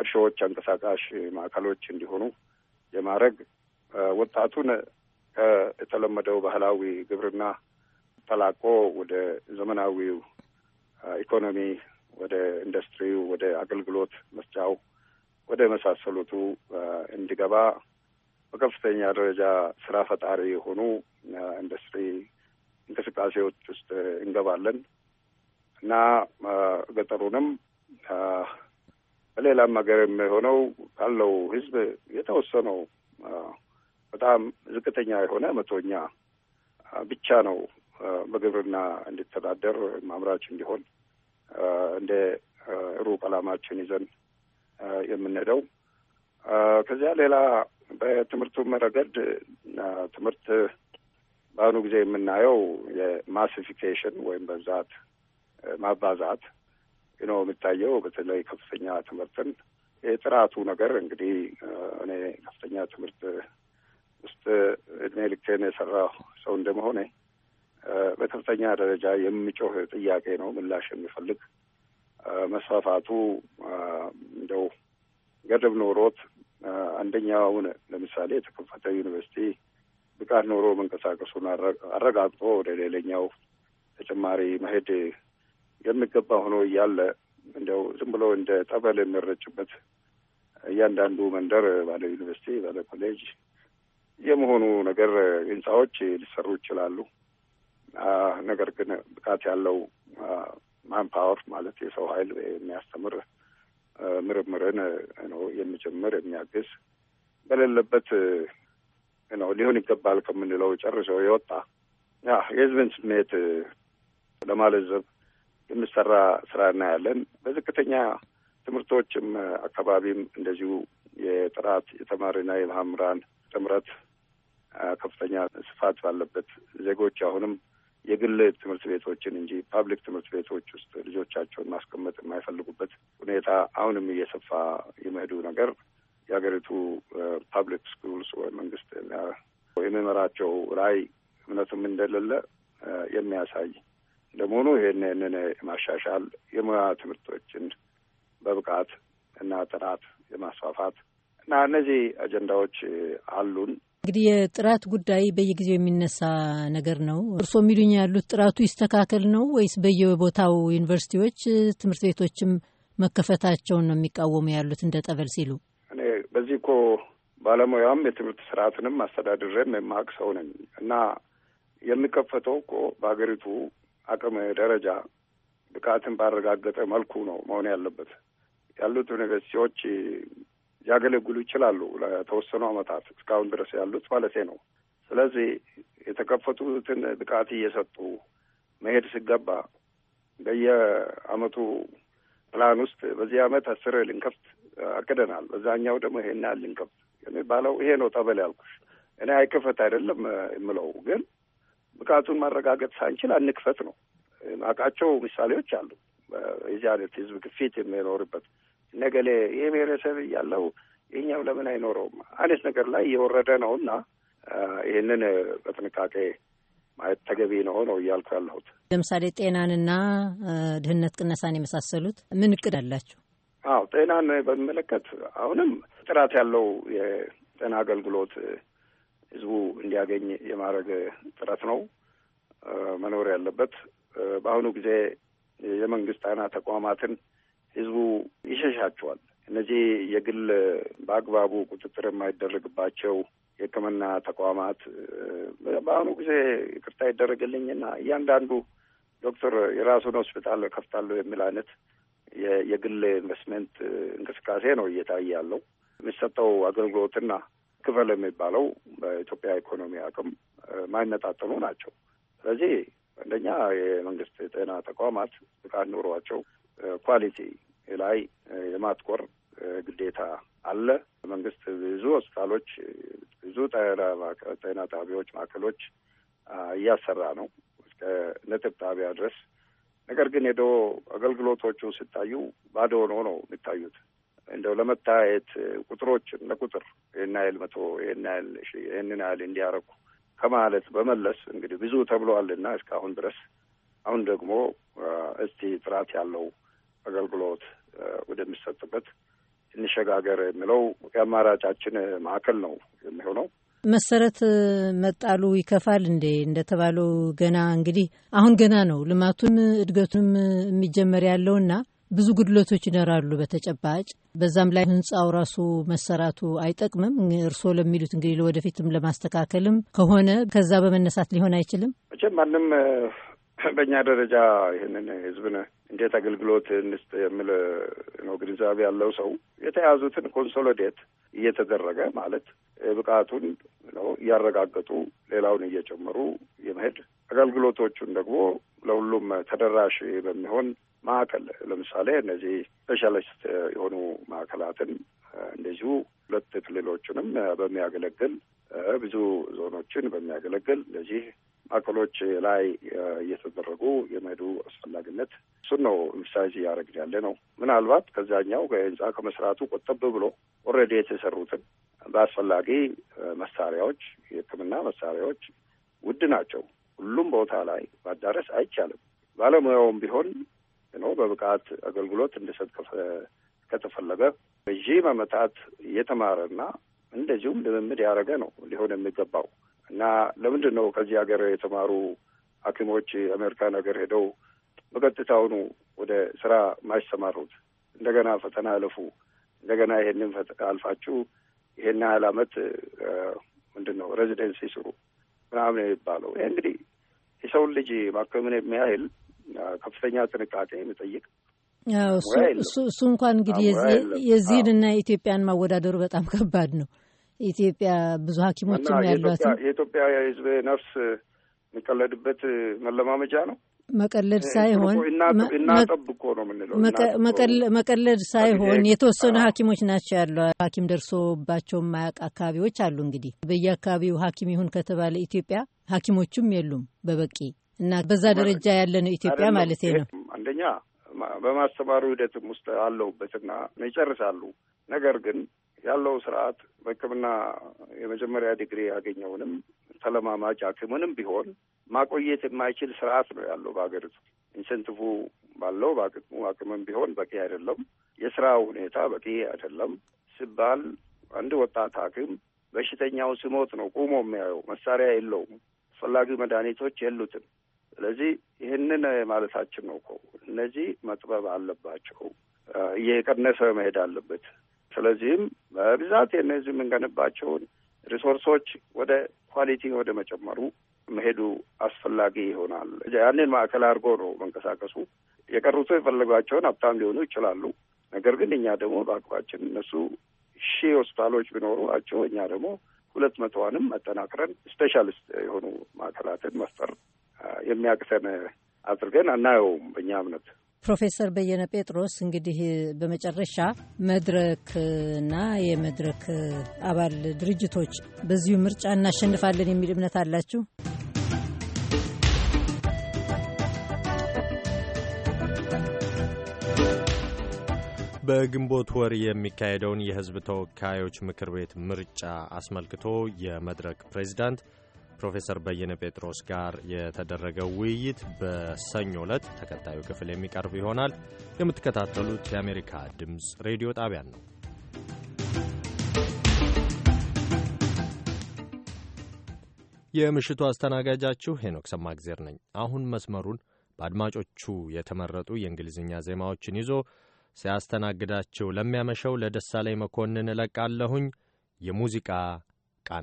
እርሾዎች አንቀሳቃሽ ማዕከሎች እንዲሆኑ የማድረግ ወጣቱን ከተለመደው ባህላዊ ግብርና ተላቆ ወደ ዘመናዊው ኢኮኖሚ፣ ወደ ኢንዱስትሪው፣ ወደ አገልግሎት መስጫው፣ ወደ መሳሰሉቱ እንዲገባ በከፍተኛ ደረጃ ስራ ፈጣሪ የሆኑ ኢንዱስትሪ እንቅስቃሴዎች ውስጥ እንገባለን። እና ገጠሩንም በሌላም ሀገር የሚሆነው ካለው ህዝብ የተወሰነው በጣም ዝቅተኛ የሆነ መቶኛ ብቻ ነው በግብርና እንዲተዳደር አምራች እንዲሆን እንደ ሩቅ አላማችን ይዘን የምንሄደው። ከዚያ ሌላ በትምህርቱ መረገድ ትምህርት በአሁኑ ጊዜ የምናየው የማሲፊኬሽን ወይም በብዛት ማባዛት ነው የሚታየው። በተለይ ከፍተኛ ትምህርትን የጥራቱ ነገር እንግዲህ እኔ ከፍተኛ ትምህርት ውስጥ እድሜ ልክቴን የሰራሁ ሰው እንደመሆኔ በከፍተኛ ደረጃ የሚጮህ ጥያቄ ነው፣ ምላሽ የሚፈልግ መስፋፋቱ እንደው ገደብ ኖሮት አንደኛውን ለምሳሌ የተከፈተ ዩኒቨርሲቲ ብቃት ኖሮ መንቀሳቀሱን አረጋግጦ ወደ ሌላኛው ተጨማሪ መሄድ የሚገባ ሆኖ እያለ እንደው ዝም ብሎ እንደ ጠበል የሚረጭበት እያንዳንዱ መንደር ባለ ዩኒቨርሲቲ፣ ባለ ኮሌጅ የመሆኑ ነገር ህንፃዎች ሊሰሩ ይችላሉ። ነገር ግን ብቃት ያለው ማንፓወር ማለት የሰው ኃይል የሚያስተምር ምርምርን ነው የሚጀምር የሚያግዝ በሌለበት ነው ሊሆን ይገባል ከምንለው ጨርሰው የወጣ ያ የህዝብን ስሜት ለማለዘብ የሚሰራ ስራ እናያለን። በዝቅተኛ ትምህርቶችም አካባቢም እንደዚሁ የጥራት የተማሪና የመምህራን ጥምረት ከፍተኛ ስፋት ባለበት ዜጎች አሁንም የግል ትምህርት ቤቶችን እንጂ ፓብሊክ ትምህርት ቤቶች ውስጥ ልጆቻቸውን ማስቀመጥ የማይፈልጉበት ሁኔታ አሁንም እየሰፋ የመሄዱ ነገር የሀገሪቱ ፓብሊክ ስኩልስ ወይ መንግስት የሚመራቸው ላይ እምነትም እንደሌለ የሚያሳይ ለመሆኑ ይህን ይህንን የማሻሻል የሙያ ትምህርቶችን በብቃት እና ጥራት የማስፋፋት እና እነዚህ አጀንዳዎች አሉን። እንግዲህ የጥራት ጉዳይ በየጊዜው የሚነሳ ነገር ነው። እርስዎ የሚሉኝ ያሉት ጥራቱ ይስተካከል ነው ወይስ በየቦታው ዩኒቨርሲቲዎች፣ ትምህርት ቤቶችም መከፈታቸውን ነው የሚቃወሙ ያሉት እንደ ጠበል ሲሉ? እኔ በዚህ እኮ ባለሙያም የትምህርት ስርዓትንም አስተዳድሬም የማቅ ሰው ነኝ እና የሚከፈተው እኮ በሀገሪቱ አቅም ደረጃ ብቃትን ባረጋገጠ መልኩ ነው መሆን ያለበት። ያሉት ዩኒቨርሲቲዎች ሊያገለግሉ ይችላሉ ለተወሰኑ ዓመታት እስካሁን ድረስ ያሉት ማለት ነው። ስለዚህ የተከፈቱትን ብቃት እየሰጡ መሄድ ሲገባ በየአመቱ ፕላን ውስጥ በዚህ ዓመት አስር ልንከፍት አቅደናል፣ በዛኛው ደግሞ ይሄን ያህል ልንከፍት የሚባለው ይሄ ነው ጠበል ያልኩሽ። እኔ አይክፈት አይደለም የምለው ግን ብቃቱን ማረጋገጥ ሳንችል አንክፈት ነው። ማቃቸው ምሳሌዎች አሉ። የዚህ አይነት ህዝብ ግፊት የሚኖርበት ነገሌ ይህ ብሔረሰብ እያለው ይህኛው ለምን አይኖረውም አይነት ነገር ላይ እየወረደ ነው እና ይህንን በጥንቃቄ ማየት ተገቢ ነው ነው እያልኩ ያለሁት። ለምሳሌ ጤናንና ድህነት ቅነሳን የመሳሰሉት ምን እቅድ አላችሁ? አዎ ጤናን በሚመለከት አሁንም ጥራት ያለው የጤና አገልግሎት ህዝቡ እንዲያገኝ የማድረግ ጥረት ነው መኖር ያለበት። በአሁኑ ጊዜ የመንግስት አና ተቋማትን ህዝቡ ይሸሻቸዋል። እነዚህ የግል በአግባቡ ቁጥጥር የማይደረግባቸው የህክምና ተቋማት በአሁኑ ጊዜ ይቅርታ ይደረግልኝና እያንዳንዱ ዶክተር የራሱን ሆስፒታል ከፍታለሁ የሚል አይነት የግል ኢንቨስትመንት እንቅስቃሴ ነው እየታየ ያለው የሚሰጠው አገልግሎትና ክፍል የሚባለው በኢትዮጵያ ኢኮኖሚ አቅም ማይነጣጠሉ ናቸው። ስለዚህ አንደኛ የመንግስት የጤና ተቋማት ብቃት ኑሯቸው ኳሊቲ ላይ የማጥቆር ግዴታ አለ። መንግስት ብዙ ሆስፒታሎች፣ ብዙ ጤና ጣቢያዎች፣ ማዕከሎች እያሰራ ነው እስከ ነጥብ ጣቢያ ድረስ። ነገር ግን ሄዶ አገልግሎቶቹ ሲታዩ ባዶ ሆኖ ነው የሚታዩት። እንደው ለመታየት ቁጥሮችን ለቁጥር ይህን ያህል መቶ ይህን ያህል ይህንን ያህል እንዲያረኩ ከማለት በመለስ እንግዲህ ብዙ ተብለዋልና እስካሁን ድረስ አሁን ደግሞ እስቲ ጥራት ያለው አገልግሎት ወደሚሰጥበት እንሸጋገር የሚለው የአማራጫችን ማዕከል ነው የሚሆነው። መሰረት መጣሉ ይከፋል እንዴ? እንደተባለው ገና እንግዲህ አሁን ገና ነው ልማቱም እድገቱም የሚጀመር ያለውና ብዙ ጉድለቶች ይኖራሉ በተጨባጭ በዛም ላይ ህንፃው ራሱ መሰራቱ አይጠቅምም። እርስዎ ለሚሉት እንግዲህ ወደፊትም ለማስተካከልም ከሆነ ከዛ በመነሳት ሊሆን አይችልም። መቼም ማንም በእኛ ደረጃ ይህንን ህዝብን እንዴት አገልግሎት እንስጥ የሚል ነው ግንዛቤ ያለው ሰው የተያዙትን ኮንሶሎዴት እየተደረገ ማለት ብቃቱን ነው እያረጋገጡ ሌላውን እየጨመሩ የመሄድ አገልግሎቶቹን ደግሞ ለሁሉም ተደራሽ በሚሆን ማዕከል ለምሳሌ እነዚህ ስፔሻሊስት የሆኑ ማዕከላትን እንደዚሁ ሁለት ክልሎችንም በሚያገለግል ብዙ ዞኖችን በሚያገለግል እነዚህ ማዕከሎች ላይ እየተደረጉ የመሄዱ አስፈላጊነት እሱን ነው ኢምሳይዝ እያደረግን ያለ ነው። ምናልባት ከዛኛው ከህንፃ ከመስራቱ ቆጠብ ብሎ ኦልሬዲ የተሰሩትን በአስፈላጊ መሳሪያዎች፣ የህክምና መሳሪያዎች ውድ ናቸው። ሁሉም ቦታ ላይ ማዳረስ አይቻልም። ባለሙያውም ቢሆን ነው በብቃት አገልግሎት እንዲሰጥ ከተፈለገ ረዥም ዓመታት የተማረና እንደዚሁም ልምምድ ያደረገ ነው ሊሆን የሚገባው እና ለምንድን ነው ከዚህ ሀገር የተማሩ ሐኪሞች አሜሪካን ሀገር ሄደው በቀጥታውኑ ወደ ስራ ማይሰማሩት? እንደገና ፈተና አለፉ። እንደገና ይሄንን አልፋችሁ ይሄን ያህል አመት ምንድን ነው ሬዚደንሲ ስሩ ምናምን የሚባለው። ይህ እንግዲህ የሰውን ልጅ ማከምን የሚያህል ከፍተኛ ጥንቃቄ የሚጠይቅ እሱ እንኳን እንግዲህ እና የኢትዮጵያን ማወዳደሩ በጣም ከባድ ነው። የኢትዮጵያ ብዙ ሐኪሞችም ያሏት የኢትዮጵያ የሕዝብ ነፍስ የሚቀለድበት መለማመጃ ነው። መቀለድ ሳይሆን እናጠብቆ ነው የምንለው። መቀለድ ሳይሆን የተወሰኑ ሐኪሞች ናቸው ያለ ሐኪም ደርሶባቸው የማያውቅ አካባቢዎች አሉ። እንግዲህ በየአካባቢው ሐኪም ይሁን ከተባለ ኢትዮጵያ ሐኪሞቹም የሉም በበቂ እና በዛ ደረጃ ያለ ነው ኢትዮጵያ ማለት ነው። አንደኛ በማስተማሩ ሂደትም ውስጥ አለሁበትና ይጨርሳሉ። ነገር ግን ያለው ስርዓት በሕክምና የመጀመሪያ ዲግሪ ያገኘውንም ተለማማጭ አክምንም ቢሆን ማቆየት የማይችል ስርዓት ነው ያለው በሀገሪቱ። ኢንሴንቲቩ ባለው በአቅሙ ሐኪምም ቢሆን በቂ አይደለም። የስራ ሁኔታ በቂ አይደለም ሲባል አንድ ወጣት ሐኪም በሽተኛው ሲሞት ነው ቁሞ የሚያየው። መሳሪያ የለውም። አስፈላጊ መድኃኒቶች የሉትም። ስለዚህ ይህንን ማለታችን ነው እኮ እነዚህ መጥበብ አለባቸው፣ እየቀነሰ መሄድ አለበት። ስለዚህም በብዛት የነዚህ የምንገንባቸውን ሪሶርሶች ወደ ኳሊቲ ወደ መጨመሩ መሄዱ አስፈላጊ ይሆናል። ያንን ማዕከል አድርጎ ነው መንቀሳቀሱ። የቀሩት የፈለጓቸውን ሀብታም ሊሆኑ ይችላሉ። ነገር ግን እኛ ደግሞ በአቅባችን እነሱ ሺህ ሆስፒታሎች ቢኖሯቸው እኛ ደግሞ ሁለት መቶዋንም መጠናክረን ስፔሻሊስት የሆኑ ማዕከላትን መፍጠር የሚያቅተን አድርገን አናየውም በእኛ እምነት። ፕሮፌሰር በየነ ጴጥሮስ እንግዲህ በመጨረሻ መድረክና የመድረክ አባል ድርጅቶች በዚሁ ምርጫ እናሸንፋለን የሚል እምነት አላችሁ? በግንቦት ወር የሚካሄደውን የሕዝብ ተወካዮች ምክር ቤት ምርጫ አስመልክቶ የመድረክ ፕሬዚዳንት ፕሮፌሰር በየነ ጴጥሮስ ጋር የተደረገው ውይይት በሰኞ ዕለት ተከታዩ ክፍል የሚቀርብ ይሆናል። የምትከታተሉት የአሜሪካ ድምፅ ሬዲዮ ጣቢያን ነው። የምሽቱ አስተናጋጃችሁ ሄኖክ ሰማግዜር ነኝ። አሁን መስመሩን በአድማጮቹ የተመረጡ የእንግሊዝኛ ዜማዎችን ይዞ ሲያስተናግዳቸው ለሚያመሸው ለደሳለኝ መኮንን እለቃለሁኝ። የሙዚቃ ቃና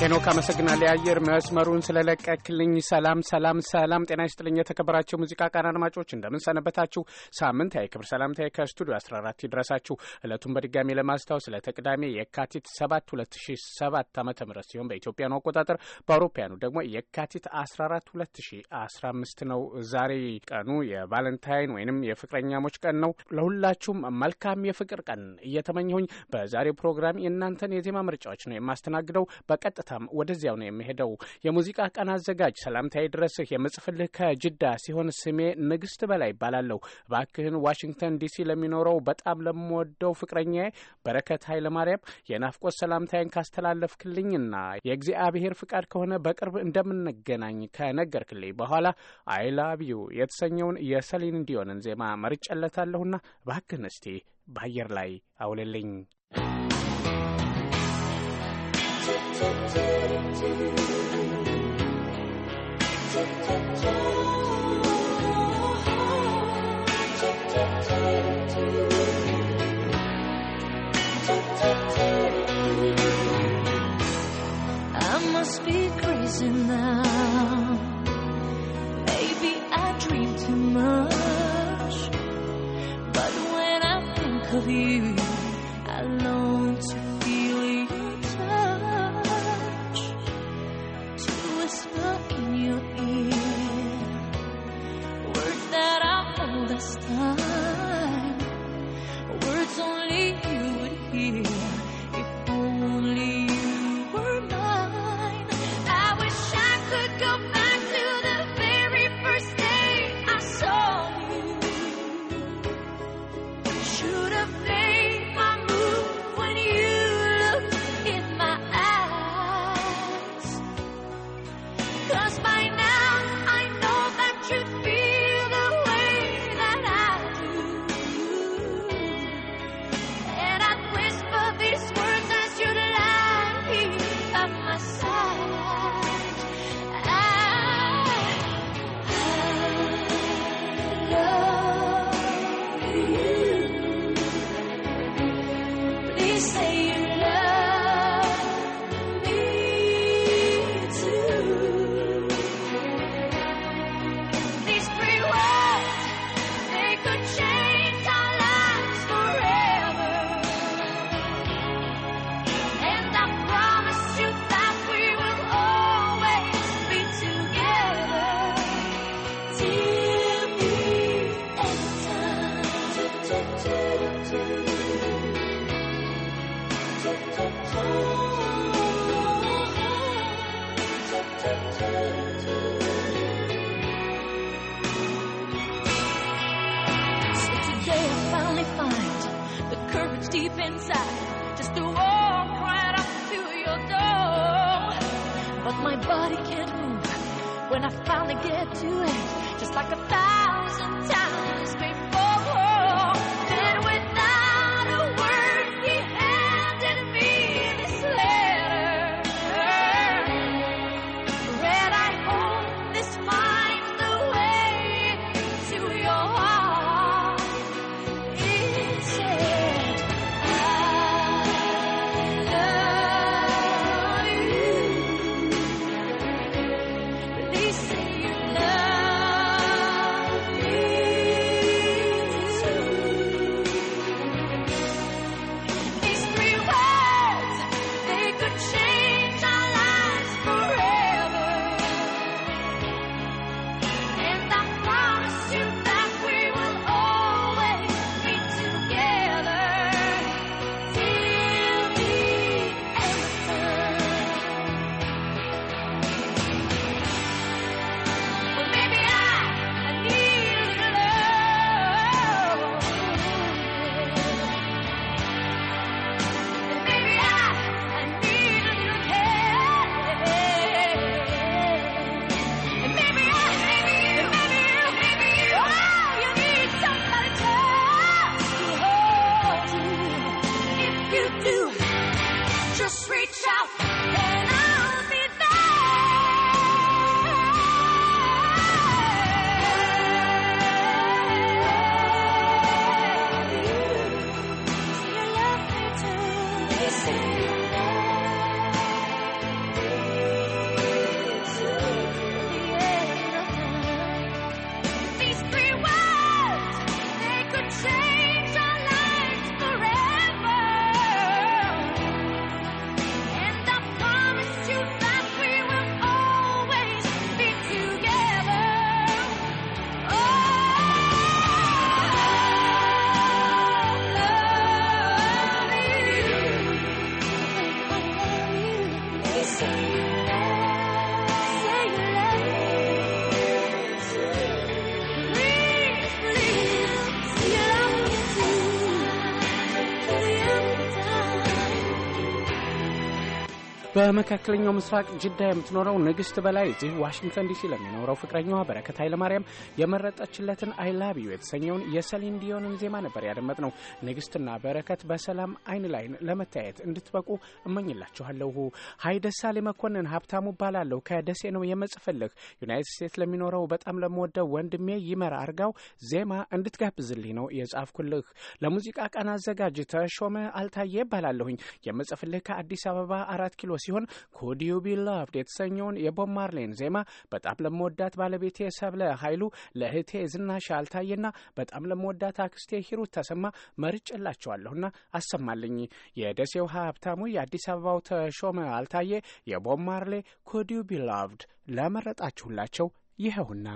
ሄኖክ አመሰግናል የአየር መስመሩን ስለለቀክልኝ። ሰላም ሰላም ሰላም፣ ጤና ይስጥልኝ። የተከበራቸው ሙዚቃ ቃና አድማጮች እንደምን ሰነበታችሁ? ሳምንታዊ የክብር ሰላምታዬ ከስቱዲዮ 14 ይድረሳችሁ። እለቱን በድጋሚ ለማስታወስ ዕለተ የካቲት 7 2007 ዓ ም ሲሆን በኢትዮጵያኑ አቆጣጠር በአውሮፓያኑ ደግሞ የካቲት 14 2015 ነው። ዛሬ ቀኑ የቫለንታይን ወይንም የፍቅረኛሞች ቀን ነው። ለሁላችሁም መልካም የፍቅር ቀን እየተመኘሁኝ በዛሬው ፕሮግራም የእናንተን የዜማ ምርጫዎች ነው የማስተናግደው በቀጥ በቀጥታም ወደዚያው ነው የሚሄደው። የሙዚቃ ቀን አዘጋጅ ሰላምታዬ ድረስህ የምጽፍልህ ከጅዳ ሲሆን ስሜ ንግስት በላይ ይባላለሁ። እባክህን ዋሽንግተን ዲሲ ለሚኖረው በጣም ለምወደው ፍቅረኛ በረከት ኃይለማርያም የናፍቆት ሰላምታዬን ካስተላለፍክልኝና የእግዚአብሔር ፍቃድ ከሆነ በቅርብ እንደምንገናኝ ከነገርክልኝ በኋላ አይላብዩ የተሰኘውን የሰሊን ዲዮንን ዜማ መርጨለታለሁና እባክህን እስቲ በአየር ላይ አውልልኝ። I must be crazy now. Maybe I dream too much. But when I think of you, በመካከለኛው ምስራቅ ጅዳ የምትኖረው ንግስት በላይ እዚህ ዋሽንግተን ዲሲ ለሚኖረው ፍቅረኛዋ በረከት ኃይለማርያም የመረጠችለትን አይላቢዩ የተሰኘውን የሰሊን ዲዮንን ዜማ ነበር ያደመጥ ነው። ንግስትና በረከት በሰላም አይን ላይን ለመታየት እንድትበቁ እመኝላችኋለሁ። ሀይደሳሌ መኮንን ሀብታሙ እባላለሁ። ከደሴ ነው የምጽፍልህ። ዩናይትድ ስቴትስ ለሚኖረው በጣም ለምወደው ወንድሜ ይመር አርጋው ዜማ እንድትጋብዝልኝ ነው የጻፍኩልህ። ለሙዚቃ ቀን አዘጋጅ ተሾመ አልታየ እባላለሁኝ። የምጽፍልህ ከአዲስ አበባ አራት ኪሎ ሲሆን ሲሆን ኩድ ዩ ቢ ላቭድ የተሰኘውን የቦብ ማርሌን ዜማ በጣም ለመወዳት ባለቤቴ ሰብለ ኃይሉ ለእህቴ ዝናሽ አልታየና በጣም ለመወዳት አክስቴ ሂሩት ተሰማ መርጭላቸዋለሁና አሰማልኝ። የደሴው ሀብታሙ፣ የአዲስ አበባው ተሾመ አልታየ የቦብ ማርሌ ኩድ ዩ ቢ ላቭድ ለመረጣችሁላቸው ይኸውና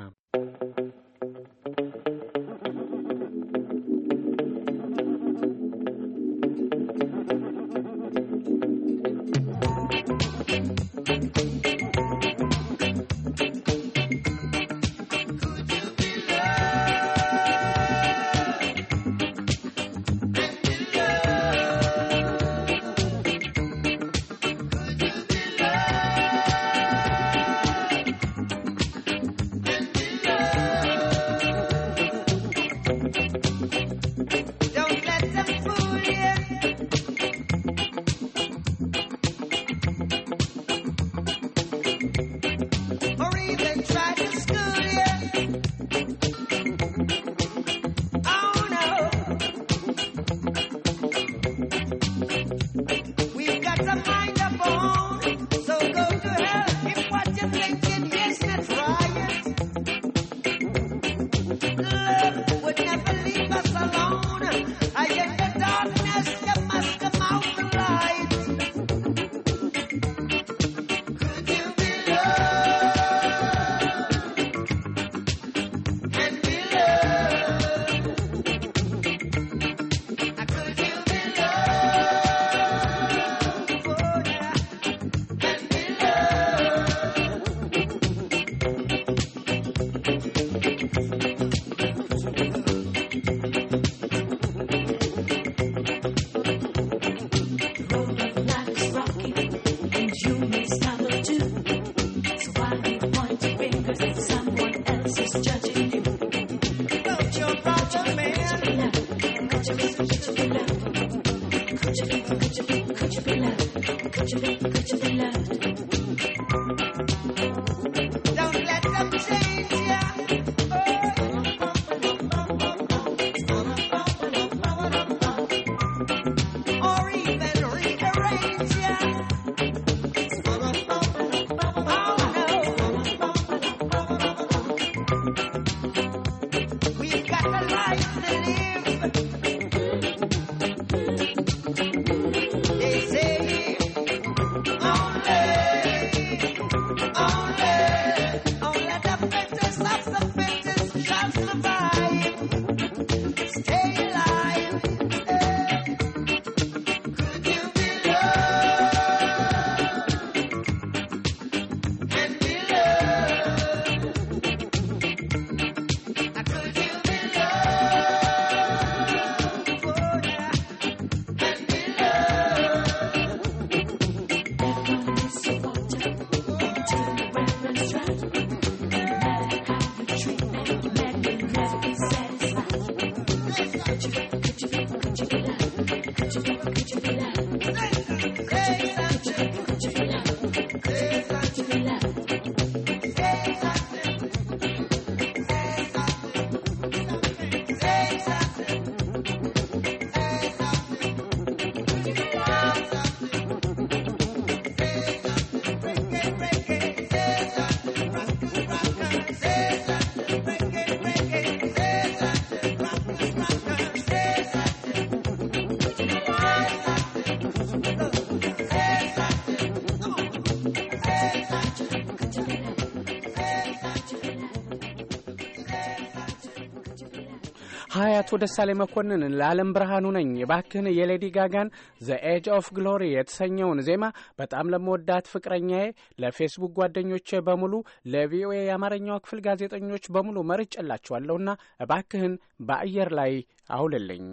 ጌታቸው ደሳሌ መኮንን ለዓለም ብርሃኑ ነኝ የባክህን የሌዲ ጋጋን ዘ ኤጅ ኦፍ ግሎሪ የተሰኘውን ዜማ በጣም ለመወዳት ፍቅረኛዬ፣ ለፌስቡክ ጓደኞቼ በሙሉ ለቪኦኤ የአማርኛው ክፍል ጋዜጠኞች በሙሉ መርጬላችኋለሁና እባክህን በአየር ላይ አውልልኝ።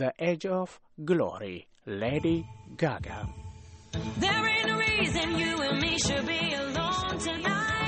ዘ ኤጅ ኦፍ ግሎሪ ሌዲ ጋጋ There ain't reason you and me should be alone tonight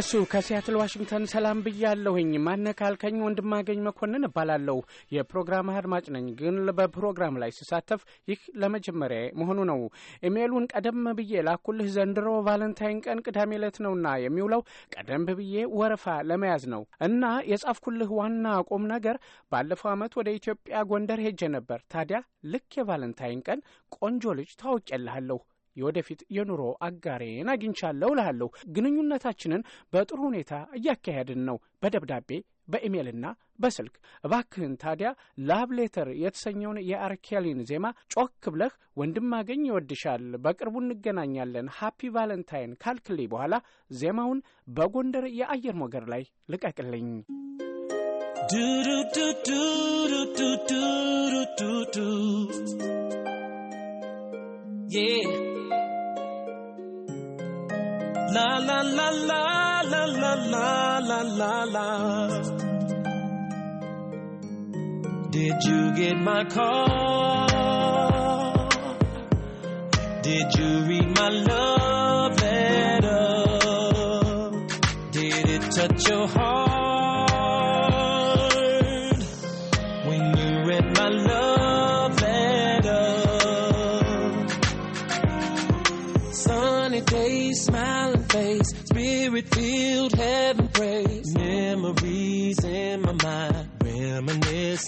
እነሱ ከሲያትል ዋሽንግተን ሰላም ብያለሁኝ። ማነ ካልከኝ ወንድማገኝ መኮንን እባላለሁ። የፕሮግራም አድማጭ ነኝ፣ ግን በፕሮግራም ላይ ስሳተፍ ይህ ለመጀመሪያ መሆኑ ነው። ኢሜሉን ቀደም ብዬ ላኩልህ። ዘንድሮ ቫለንታይን ቀን ቅዳሜ ዕለት ነውና የሚውለው ቀደም ብዬ ወረፋ ለመያዝ ነው እና የጻፍኩልህ ዋና ቁም ነገር ባለፈው ዓመት ወደ ኢትዮጵያ ጎንደር ሄጄ ነበር። ታዲያ ልክ የቫለንታይን ቀን ቆንጆ ልጅ ታውቄልሃለሁ የወደፊት የኑሮ አጋሬን አግኝቻለሁ እልሃለሁ። ግንኙነታችንን በጥሩ ሁኔታ እያካሄድን ነው፣ በደብዳቤ በኢሜይልና በስልክ። እባክህን ታዲያ ላቭ ሌተር የተሰኘውን የአርኬሊን ዜማ ጮክ ብለህ ወንድም አገኝ ይወድሻል፣ በቅርቡ እንገናኛለን፣ ሃፒ ቫለንታይን ካልክልኝ በኋላ ዜማውን በጎንደር የአየር ሞገድ ላይ ልቀቅልኝ። Yeah. La la la la la la la la la la. Did you get my call? Did you read my love letter? Did it touch your heart?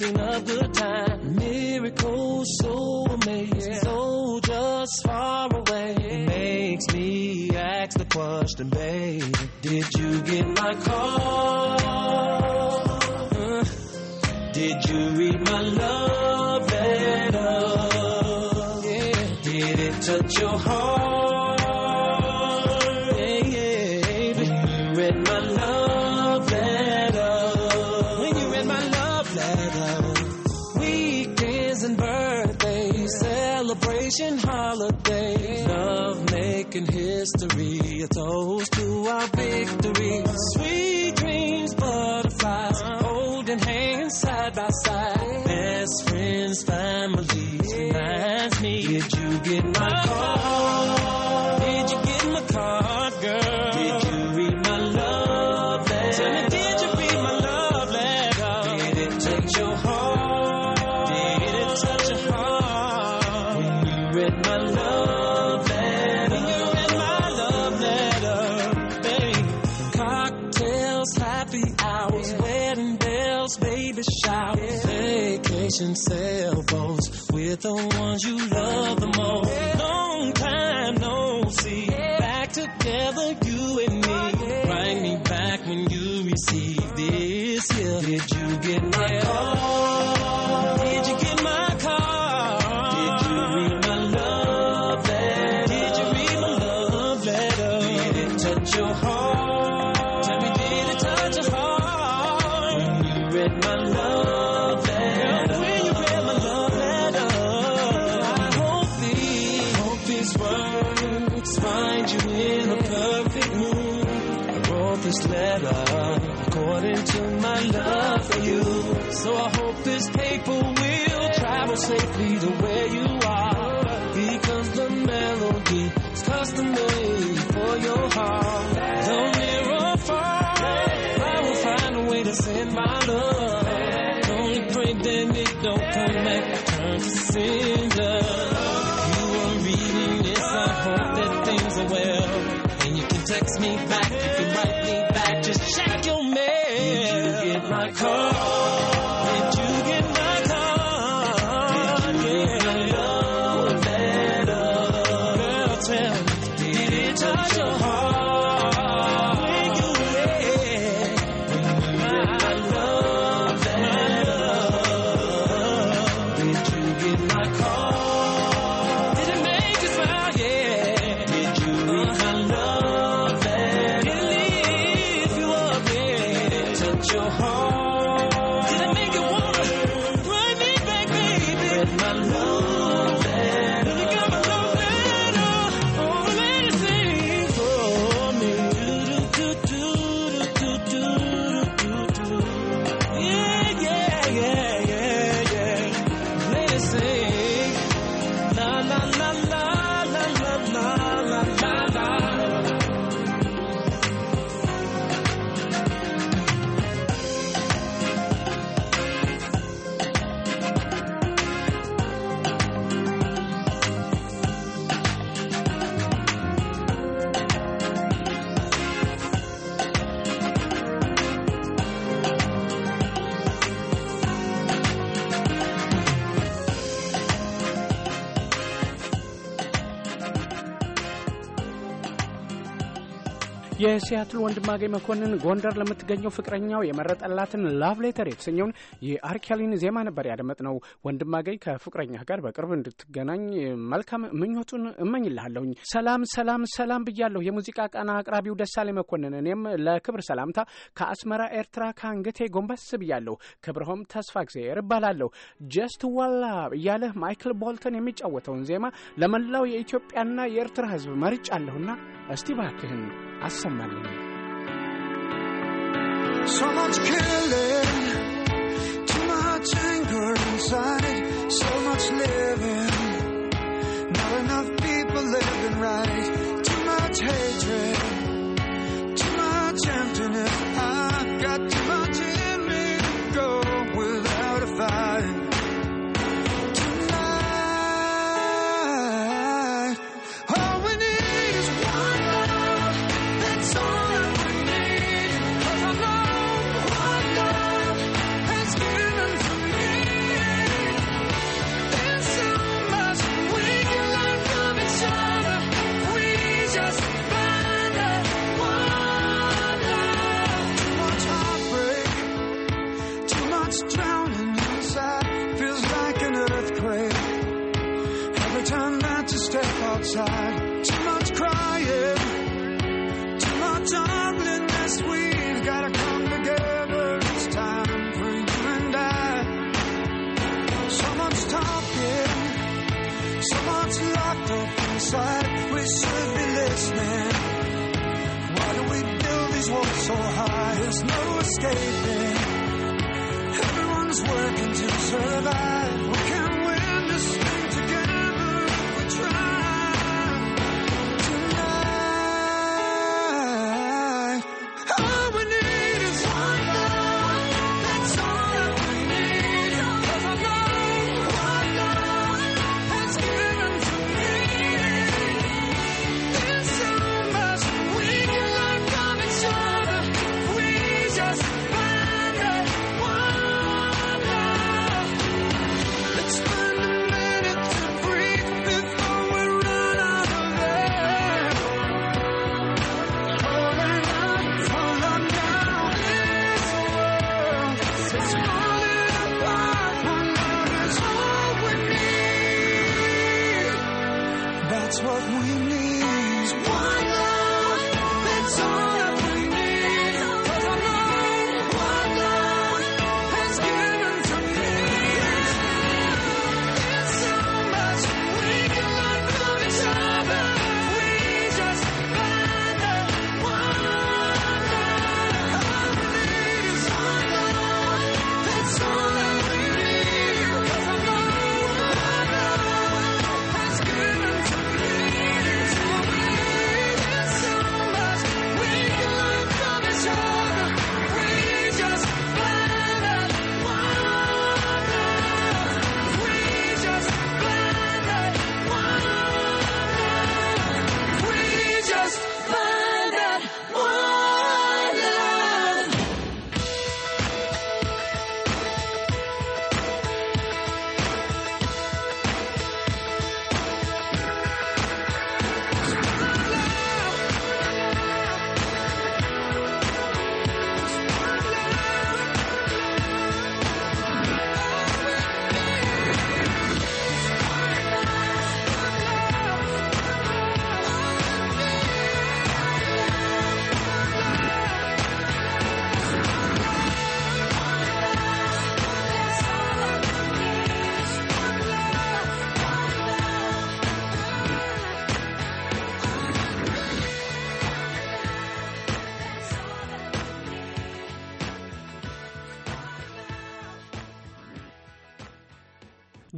medicine of good time. Miracles so amazing, so just far away. It makes me ask the question, baby, did you get my call? did you read my love letter? Yeah. Did it touch your heart? mystery. A toast to our big the showers. Vacation cell phones with the ones you love the most. Long time no see. Back together, you and me. Bring me back when you receive ከሲያትል ወንድማገኝ መኮንን ጎንደር ለምትገኘው ፍቅረኛው የመረጠላትን ላቭ ሌተር የተሰኘውን የአርኪያሊን ዜማ ነበር ያደመጥ ነው። ወንድማገኝ ከፍቅረኛ ጋር በቅርብ እንድትገናኝ መልካም ምኞቱን እመኝልሃለሁኝ። ሰላም ሰላም ሰላም ብያለሁ። የሙዚቃ ቃና አቅራቢው ደሳሌ መኮንን፣ እኔም ለክብር ሰላምታ ከአስመራ ኤርትራ ከአንገቴ ጎንበስ ብያለሁ። ክብረሆም ተስፋ እግዚአብሔር እባላለሁ። ጀስት ዋላ እያለ ማይክል ቦልተን የሚጫወተውን ዜማ ለመላው የኢትዮጵያና የኤርትራ ሕዝብ አለሁና እስቲ ባክህን As So much killing, too much anger inside, so much living, not enough people living right.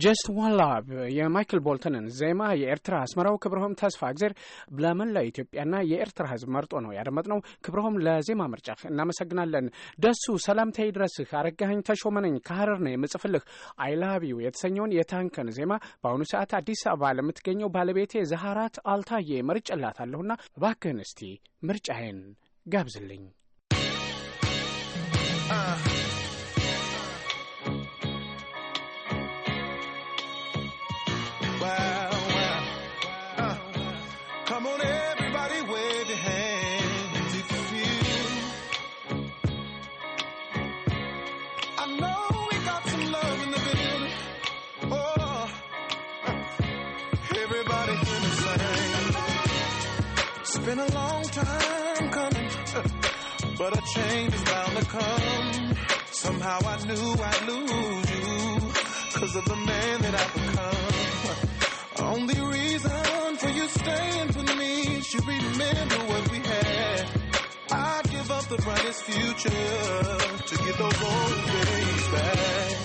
ጀስት ዋን ላቭ የማይክል ቦልተንን ዜማ የኤርትራ አስመራው ክብረሆም ተስፋ እግዜር ለመላው ኢትዮጵያና የኤርትራ ሕዝብ መርጦ ነው ያደመጥነው። ክብረሆም ለዜማ ምርጫህ እናመሰግናለን። ደሱ ሰላምታ ይድረስህ። አረጋኸኝ ተሾመነኝ ከሀረር ነው የምጽፍልህ። አይላቢው የተሰኘውን የታንከን ዜማ በአሁኑ ሰዓት አዲስ አበባ ለምትገኘው ባለቤቴ ዘሀራት አልታዬ መርጬላታለሁና እባክህን እስቲ ምርጫዬን ጋብዝልኝ። been a long time coming, *laughs* but a change is bound to come. Somehow I knew I'd lose you, cause of the man that I've become. *laughs* Only reason for you staying with me is you remember what we had. I would give up the brightest future to get those old days back.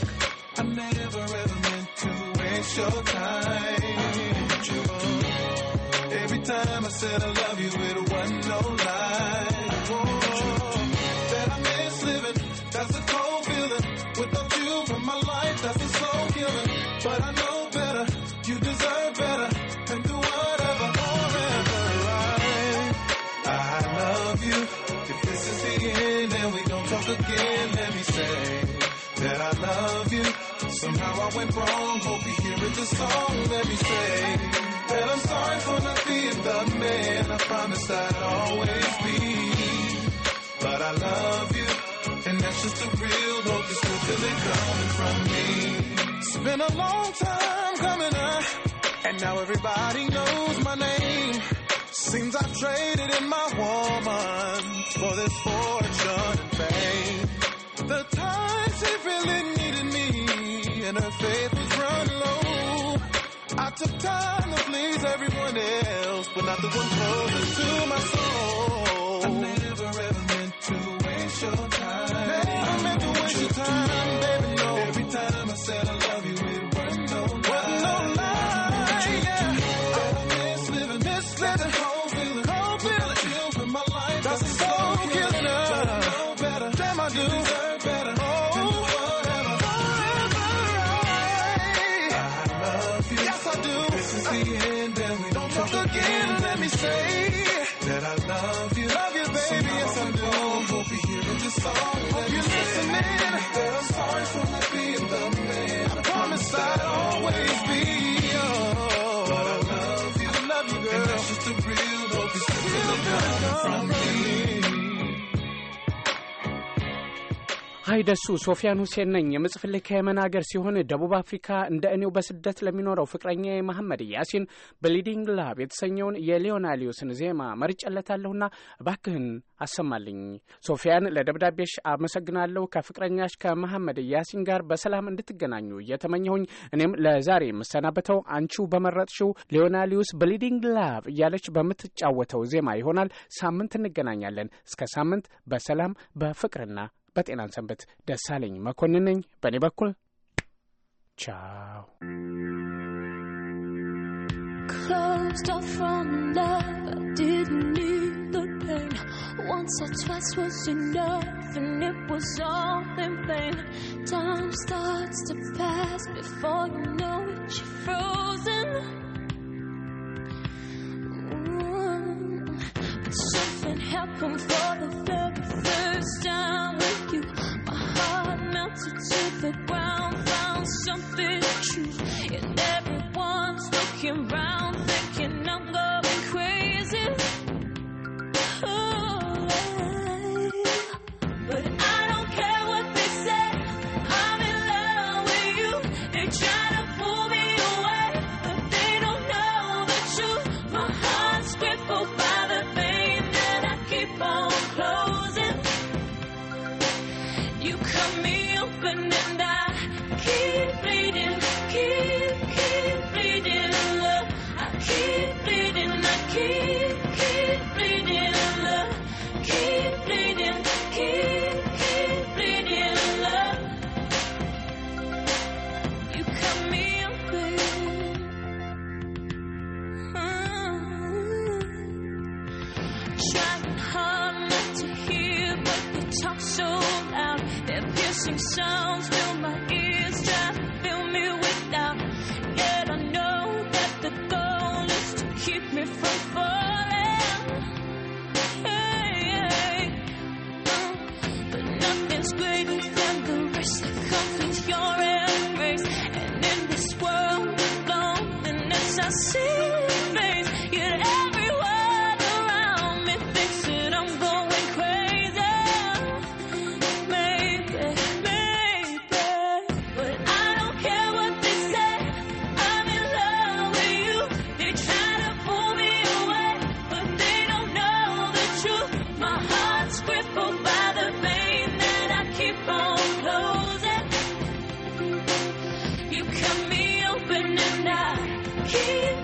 I never ever meant to waste your time. Every time I said I love you, it wasn't no lie. Oh, that I miss living, that's a cold feeling. Without you in my life, that's a slow killing. But I know better, you deserve better, and do whatever, forever, right? I love you. If this is the end and we don't talk again, let me say that I love you. Somehow I went wrong. Hope you hear it. The song, let me say. And I'm sorry for not being the man I promised I'd always be. But I love you, and that's just the real hope you still feel it coming from me. It's been a long time coming up, and now everybody knows my name. Seems i traded in my woman for this fortune and fame. The time she really needed me, and her faith was run low. I took time everyone else, but not the one closest to my soul. I never ever meant to waste your time. ሀይ ደሱ ሶፊያን ሁሴን ነኝ። የምጽፍልህ ከየመን ሀገር ሲሆን ደቡብ አፍሪካ እንደ እኔው በስደት ለሚኖረው ፍቅረኛ መሐመድ ያሲን ብሊዲንግ ላቭ የተሰኘውን የሊዮናሊዮስን ዜማ መርጨለታለሁና እባክህን አሰማልኝ። ሶፊያን ለደብዳቤሽ አመሰግናለሁ። ከፍቅረኛሽ ከመሐመድ ያሲን ጋር በሰላም እንድትገናኙ እየተመኘሁኝ እኔም ለዛሬ የምሰናበተው አንቺው በመረጥሽው ሊዮናሊዮስ ብሊዲንግ ላብ እያለች በምትጫወተው ዜማ ይሆናል። ሳምንት እንገናኛለን። እስከ ሳምንት በሰላም በፍቅርና በጤናን ሰንበት። ደሳለኝ መኮንን ነኝ። በእኔ በኩል ቻው። Closed off from love, I didn't need the pain. Once or twice was enough, and it was all in vain. Time starts to pass before you know it, you're frozen. Mm. But something happened for the King.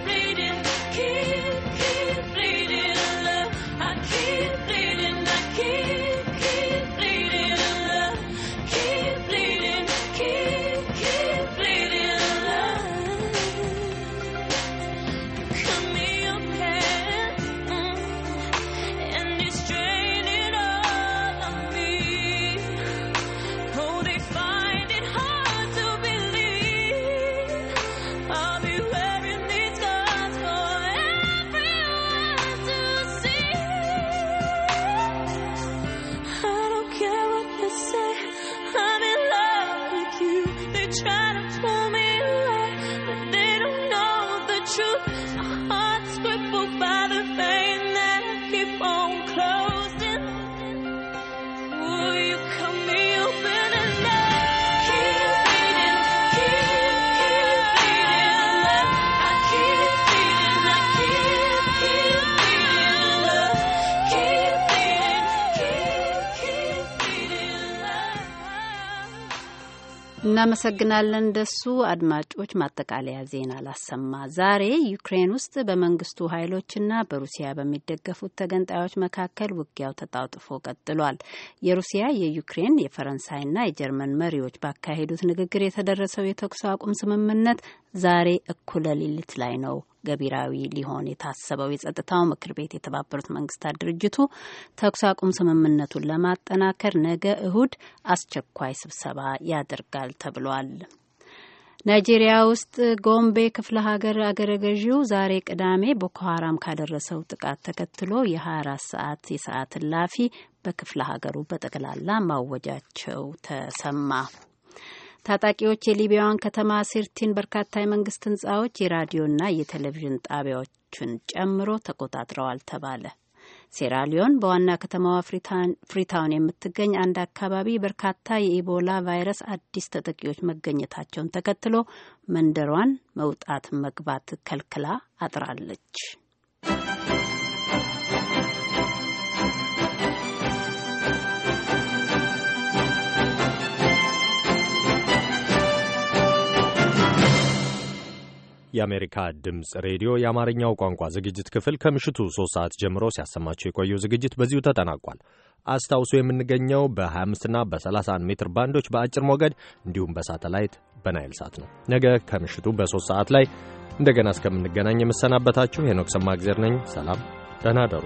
እናመሰግናለን እንደሱ። አድማጮች ማጠቃለያ ዜና ላሰማ። ዛሬ ዩክሬን ውስጥ በመንግስቱ ኃይሎችና በሩሲያ በሚደገፉት ተገንጣዮች መካከል ውጊያው ተጣጥፎ ቀጥሏል። የሩሲያ የዩክሬን የፈረንሳይና የጀርመን መሪዎች ባካሄዱት ንግግር የተደረሰው የተኩስ አቁም ስምምነት ዛሬ እኩለ ሌሊት ላይ ነው ገቢራዊ ሊሆን የታሰበው የጸጥታው ምክር ቤት የተባበሩት መንግስታት ድርጅቱ ተኩስ አቁም ስምምነቱን ለማጠናከር ነገ እሁድ አስቸኳይ ስብሰባ ያደርጋል ተብሏል። ናይጄሪያ ውስጥ ጎምቤ ክፍለ ሀገር አገረ ገዢው ዛሬ ቅዳሜ ቦኮ ሀራም ካደረሰው ጥቃት ተከትሎ የ24 ሰዓት የሰዓት እላፊ በክፍለ ሀገሩ በጠቅላላ ማወጃቸው ተሰማ። ታጣቂዎች የሊቢያዋን ከተማ ሲርቲን በርካታ የመንግስት ህንጻዎች፣ የራዲዮና የቴሌቪዥን ጣቢያዎችን ጨምሮ ተቆጣጥረዋል ተባለ። ሴራሊዮን በዋና ከተማዋ ፍሪታውን የምትገኝ አንድ አካባቢ በርካታ የኢቦላ ቫይረስ አዲስ ተጠቂዎች መገኘታቸውን ተከትሎ መንደሯን መውጣት መግባት ከልክላ አጥራለች። የአሜሪካ ድምፅ ሬዲዮ የአማርኛው ቋንቋ ዝግጅት ክፍል ከምሽቱ ሶስት ሰዓት ጀምሮ ሲያሰማቸው የቆየው ዝግጅት በዚሁ ተጠናቋል። አስታውሶ የምንገኘው በ25ና በ31 ሜትር ባንዶች በአጭር ሞገድ እንዲሁም በሳተላይት በናይል ሳት ነው። ነገ ከምሽቱ በሶስት ሰዓት ላይ እንደገና እስከምንገናኝ የምሰናበታችሁ ሄኖክ ሰማእግዜር ነኝ። ሰላም፣ ደህና አደሩ።